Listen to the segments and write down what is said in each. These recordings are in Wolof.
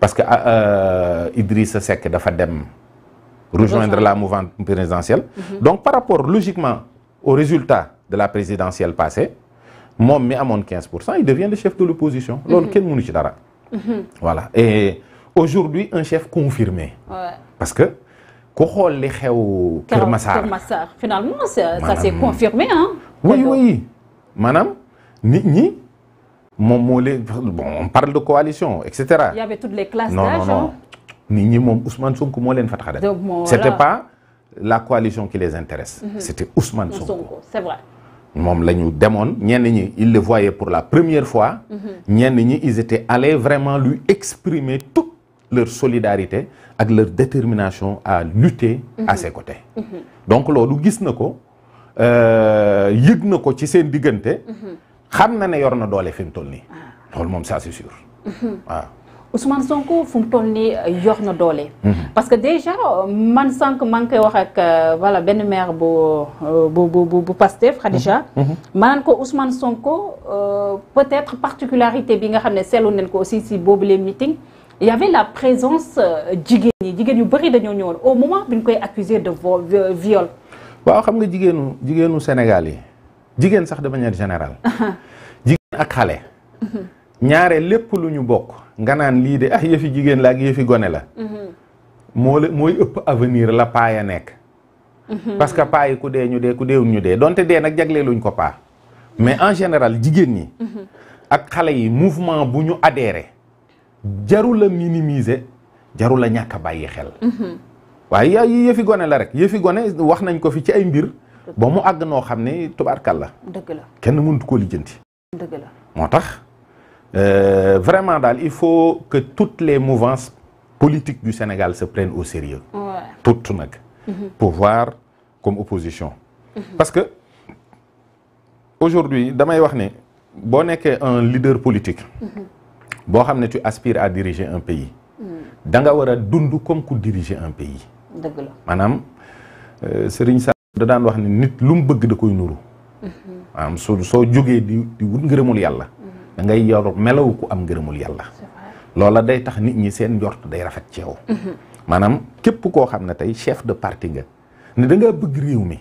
parce que euh, Idrissa Seck dafa dem rejoindre la mouvance présidentielle mhm. donc par rapport logiquement au résultat de la présidentielle passée moom mi amoon 15 pour cent il devient le chef de l'opposition mhm. loolu kenn ci dara mhm. voilà et aujourd'hui un chef confirmé parce que ku xool li xew Kër Massar finalement ça s'est confirmé hein oui oui maanaam nit ñi moom moo leen bon on parle de coalition et cetera. il y avait nit ñi moom usman Sonko moo leen fa tax a dem. c'était pas la coalition qui les intéresse. Mm-hmm. c'était Ousmane Sonko c'est vrai. moom la ñu demoon ñenn ñi ils le voyaient pour la première fois. Mm-hmm. ñenn ñi ils étaient allés vraiment lu exprimer toute leur solidarité ak leur détermination à lutter. Mm-hmm. à ses côté donc loolu gis na ko euh, yëg na ko ci seen diggante. xam na ne yor na doole fi mu toll nii. loolu moom ça c'est sûr. Mm-hmm. waaw Sonko fu mu toll nii euh, yor na doole. Mm-hmm. parce que déjà man sànq maa ngi koy wax ak euh, voilà benn maire euh, bu bu bu bu Pastef Khadija. maanaam mm-hmm. ko Ousmane Sonko peut-être particularité bi nga xam ne seetlu nañ ko aussi si boobu les meeting il y avait la présence jigéen ñi jigéen yu bëri dañoo ñëwoon au moment bi ñu koy accuser de viol. waaw xam nga jigéenu jigéenu Sénégal yi. jigéen sax de manière générale. jigéen ak xale. ñaare lépp lu ñu bokk nga naan lii de ah yëfi jigéen la ak yëfi gone la. moo la mooy ëpp avenir la paaya nekk. parce que paa yi ku dee ñu dee ku deewul ñu dee donte dee nag jagleeluñ ko paa. mais en général jigéen ñi. ak xale yi mouvement bu ñu adhéré. jarul a minimiser jarul a ñàkk a bàyyi xel. Mhm. waaye yëfi gone la rek yëfi gone wax nañ ko fi ci ay mbir. ba mu àgg noo xam ne tubaarkal la. dëgg la kenn mënut koo lijjanti. moo tax euh, vraiment daal il faut que toutes les mouvances politiques du Sénégal se prennent au sérieux ouais. toutes nag. Mm-hmm. pouvoir comme opposition. Mm-hmm. parce que aujourd'hui damay wax ne boo nekkee un leader politique. Mm-hmm. boo xam ne tu aspires à diriger un pays. Mm. da war a dund comme ku diriger un pays. dëgg la maanaam euh, da daan wax ne nit lu mu bëgg da koy nuru mhm. maanaam soo soo jógee di wut ngërëmul yàlla mhm. da ngay yor melow ku am ngërëmul yàlla loola day tax nit ñi seen njort day rafet ci yow mhm. maanaam képp koo xam ne tey chef de parti nga ni danga bëgg réew mi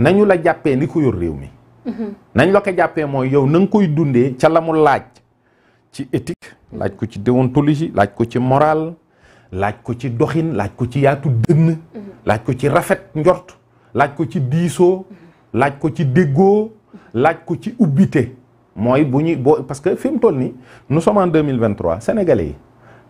nañu la jàppee ni ko yor réew mi nañ la ko jàppee mooy yow na nga koy dundee ca la mu laaj ci éthique laaj ko ci déontologie laaj ko ci morale laaj ko ci doxin laaj ko ci yaatu dënn laaj ko ci rafet njort laaj ko ci diisoo laaj ko ci déggoo laaj ko ci ubbite mooy bu ñuy boo parce que fi mu toll nii nous sommes en 2023 sénégalais yi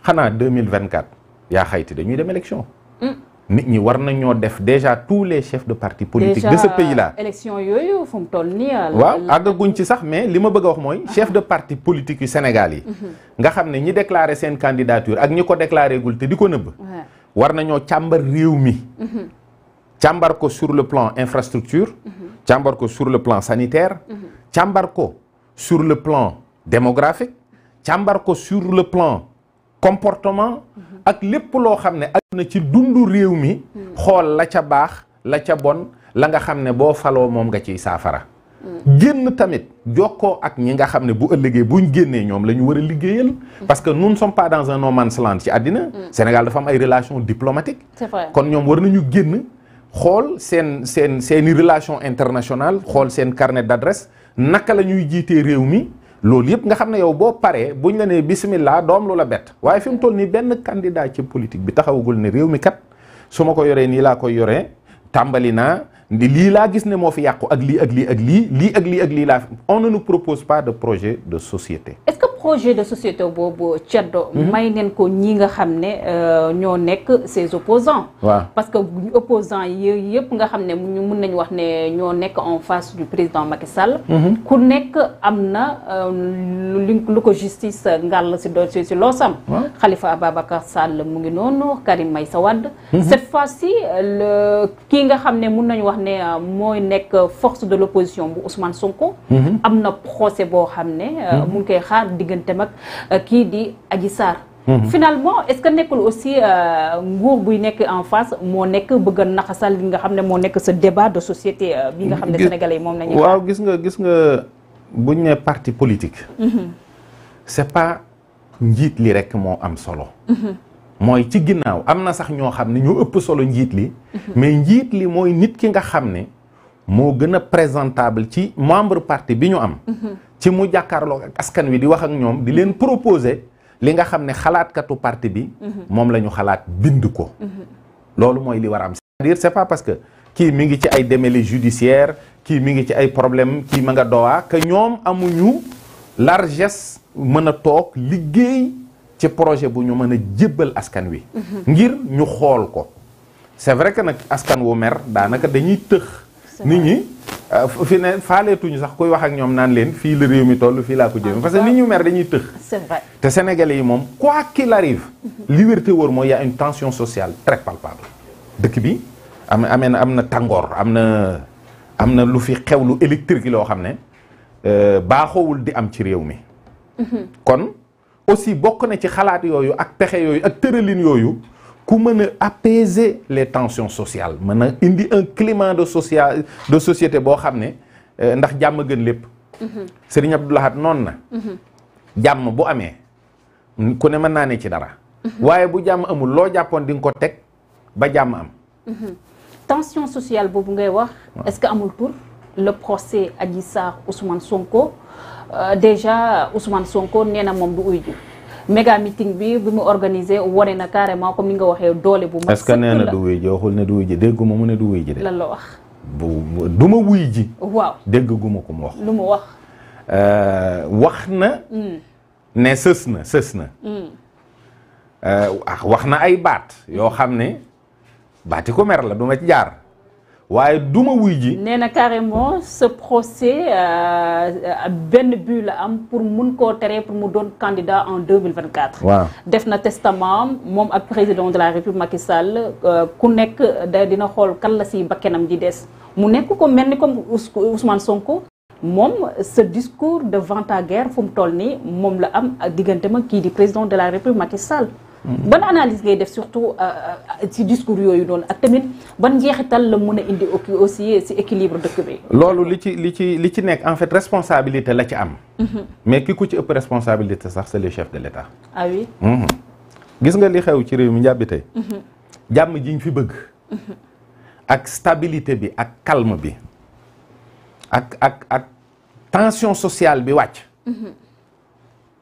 xanaa 2024 yaa xayti dañuy dem élection hmm. nit ñi war nañoo def déjà tous les chefs de parti politique déjà, de ce pays là élection yooyu fu toll nii waaw àggaguñ ci sax mais li ma bëgg a wax mooy ah. chef de parti politique yu Sénégal yi mhm. nga xam ne ñi déclaré seen candidature ak ñi ko déclaré gul te di ko nëbb war nañoo càmbar réew mi mhm. càmbar ko sur le plan infrastructure càmbar ko sur le plan sanitaire càmbar ko sur le plan démographique càmbar ko sur le plan comportement ak lépp loo xam ne ak na ci dundu réew mi xool la ca baax la ca bon la nga xam ne boo faloo moom nga ciy saafara génn tamit jokkoo ak ñi nga xam ne bu ëllëgee buñ génnee ñoom lañu ñu war a liggéeyal parce que nous ne sommes pas dans un no man's ci àddina mm. Sénégal dafa am ay relations diplomatiques kon ñoom war nañu génn xool seen seen seeni relation internationale xool seen carnet d'adresse naka la ñuy jiitee réew mi loolu yëpp nga xam ne yow boo paree buñ la nee bismillah doom lu la bett waaye fi toll nii benn candidat ci politique bi taxawagul ne réew mi kat su ma ko yoree nii laa koy yoree tàmbali naa di lii laa gis ne moo fi yàqu ak lii ak lii ak lii lii ak lii ak lii laa on ne nous propose pas de projet de société. est projet de société boobu ceddo mhm. may neen ko ñi nga xam ne euh, ñoo nekk ses opposants waaw parce que opposants yi yëpp nga xam ne ñu mun nañu wax ne ñoo nekk en face du président Macky Sall mhm. ku nekk am na euh, lu ko justice ngàll si dossier si loosam Khalifa Ababacar Sall mu ngi noonu Karim Meïssa Wade mhm. cette fois-ci kii nga xam ne mun nañu wax ne euh, mooy nekk force de l'opposition bu Ousmane Sonko am na procès boo xam ne mu ngi koy xaar digganteem euh, ak kii di Adji Sarr. Mhm. finalement est-ce que nekkul aussi euh, nguur buy nekk en face moo nekk bëgg a naxasal li nga xam ne moo nekk sa débat de société euh, bi nga xam ne sénégalais yi moom la ñu. waaw gis nga gis nga buñ ne parti politique. Mhm. c'est pas njiit li rek moo am solo. Mhm. ci ginnaaw am na ñoo xam ne ñoo ëpp solo njiit li. mais njiit li mooy nit ki nga xam ne. moo gën a présentable ci membre parti bi ñu am. ci mu jàkkaarloo ak askan wi di wax ak ñoom di leen proposer li nga xam ne xalaatkatu parti bi. moom la ñu xalaat bind ko. loolu mooy li war a am cest à parce que kii mi ngi ci ay démêlés judiciaires kii mi ngi ci ay problème kii ma nga dowa que ñoom amuñu larges mën a toog liggéey ci projet bu ñu mën a jébbal askan wi. ngir ñu xool ko c'est vrai que nag askan wu mer daanaka dañuy tëx. nit ñi euh, fi ne faaleetuñu sax kuy wax ak ñoom naan leen fii la réew mi toll fii laa ko jëm ah, parce que nit ñu mer dañuy tëx te sénégalais yi moom quoi qu'il arrive mm-hmm. liberté wóor mooy y a une tension sociale très palpable dëkk bi am amee na am na tàngoor am na am na lu fi xew lu électrique loo xam ne euh, baaxoowul di am ci réew mi mm-hmm. kon aussi bokk na ci xalaat yooyu ak pexe yooyu ak tëralin yooyu ku mën a apaiser les tensions sociales mën a indi un climat de social de société boo xam ne euh, ndax jàmm gën lépp. Mhm. Serigne Abdou Lahad noonu na. Mhm. jàmm bu amee ku ne mën naa ne ci dara. Mhm. waaye bu jàmm amul loo jàppoon di nga ko teg ba jàmm am. tension sociale boobu ngay wax. est-ce que amul tour le procès Adji Sarr Ousmane Sonko euh, déjà Ousmane Sonko nee na moom du uy ji. méga meeting bi bi mu organisé wone na carrément comme ni nga waxee doole bu ma. est-ce que nee na du wuy ji waxul ne du wuy ji dégguma mu ne de. lan la wax. bu du ma wuy ji. waaw dégguma ko mu wax. lu mu wax. Euh, wax na. Hmm. ne sës na sës na. Hmm. Euh, wax na ay baat yoo xam ne baati ko mer la du ma jaar. waaye du ma wuy ji. nee na carrément ce procès euh, euh, benn but la am pour mun koo teree pour mu doon candidat en deux mille vingt quatre. waaw def na testament moom ak président de la république Macky Sall euh, ku nekk da dina xool kan la si bakkenam di des mu nekk ko mel ni comme Ousmane Sonko. moom ce discours de vent à fu mu toll nii moom la am diggante ak kii di président de la république Macky Sall. ban analyse ngay def surtout euh, euh, ci discours yooyu noonu ak tamit ban njeexital la mën a indi aussi ci équilibre dëkk bi. loolu li ci li ci li ci nekk en fait responsabilité la ci am. Mhm. mais ki ku ci ëpp responsabilité sax c'est le chef de l'État. ah oui. Mhm. gis nga li xew ci réew mi njàbbi tey. Mhm. jàmm jiñ fi bëgg. ak stabilité bi ak calme bi ak ak ak tension sociale bi wàcc.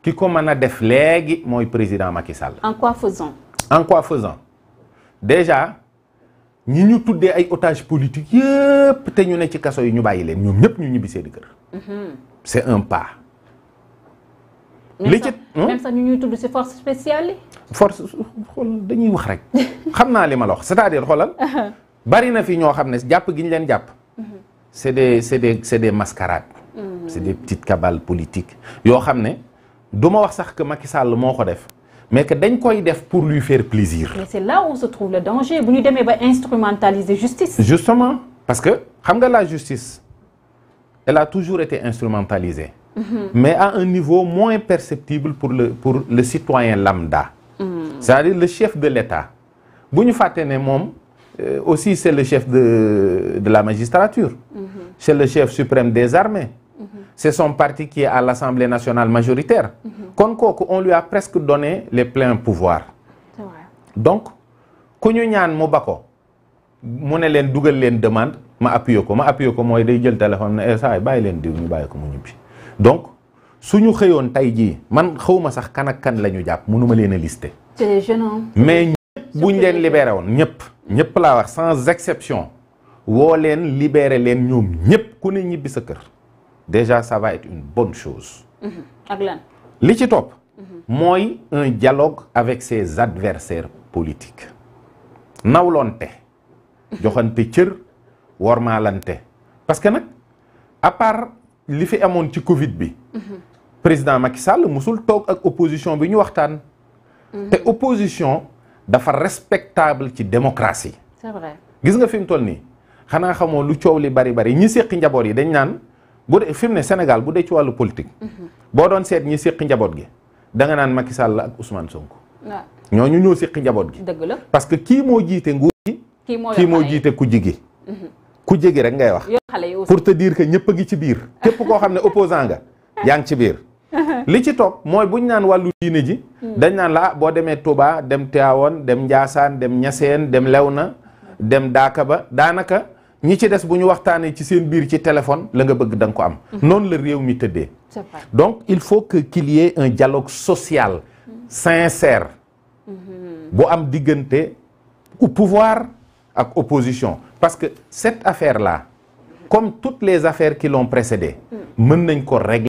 ki ko mën a def léegi mooy président Macky Sall. en quoi faisant. en quoi faisant déjà ñi ñu tuddee ay otages politiques yëpp te ñu ne ci kaso yi ñu bàyyi leen ñoom ñëpp ñu ñibbi seen kër. Mhm. c'est un pas. li ci hmm? même sax ñu ñuy ci force spéciale yi. force xool dañuy wax rek xam naa li ma la wax c'est-à-dire xoolal. bari na fi ñoo xam ne jàpp gi ñu leen jàpp. Mhm. c'est des c'est des c'est des mhm. c'est des petites cabales politiques yoo xam ne. du ma wax sax que Macky Sall moo ko def mais que dañ koy def pour lui faire plaisir. mais c'est là où se trouve le danger bu ñu demee ba instrumentaliser justice. justement parce que xam nga la justice elle a toujours été instrumentalisée. Mm mais à un niveau moins perceptible pour le pour le citoyen lambda. Mm -hmm. c'est-à-dire le chef de l'État bu ñu fàtte ne moom euh, aussi c'est le chef de de la magistrature. Mm c'est le chef suprême des armées. c'est son parti qui est à l'Assemblée nationale majoritaire. Mhm. kon kooku on lui a presque donné les pleins pouvoir donc ku ñu ñaan mu ba ko mu ne leen dugal leen demande ma appuyer ko ma appuyer ko mooy day jël téléphone ne eh, saa yi bàyyi leen diw ñu bàyyi ko mu ñibbi donc suñu xëyoon tey jii man xawma sax kan kan lañu jàpp mënuma leen a lister. c'est des mais bu ñu leen libéré woon ñëpp. ñëpp laa wax sans exception woo leen libéré leen ñoom ñëpp ku ne ñibbi sa kër. déjà ça va être une bonne chose. Mm-hmm. li ci topp. mooy un dialogue avec ses adversaires politique nawlonte joxante cër wormaalante parce que nag à part li fi amoon ci Covid bi. Mm-hmm. président Macky Sall musul toog ak opposition bi ñu waxtaan. Mm-hmm. te opposition dafa respectable ci démocratie. c'est gis nga fi mu toll nii xanaa xamoo lu coow li bari bari ñi seqi njaboot yi dañ naan. bu dee fi mu ne Sénégal bu dee ci wàllu politique. boo doon seet ñi séqi njaboot gi danga naan Macky Sall ak Ousmane Sonko. Ah. ñoo ñu ñoo séqi njaboot gi. dëgg la parce que kii moo jiite nguur gi. kii moo kii jiite ku jigi mhm. ku jigi rek ngay wax. pour te diir que ñëpp gi ci biir. képp koo xam ne opposant ga yaa ngi ci biir. li ci toog mooy buñ naan wàllu diine ji. Hmm. dañ naan la ah, boo demee Touba dem teawoon dem Ndiassane dem ñaseen dem Léona dem Daaka ba daanaka. ñi ci des bu ñu waxtaanee ci seen biir ci téléphone la nga bëgg danga ko am mm-hmm. noonu la réew mi tëddee donc il faut que qu'il un dialogue social mm-hmm. sincère mm-hmm. bu am diggante au pouvoir ak opposition parce que cette affaire la comme toutes les affaires qui l'ont précédée mm. mën nañ ko régler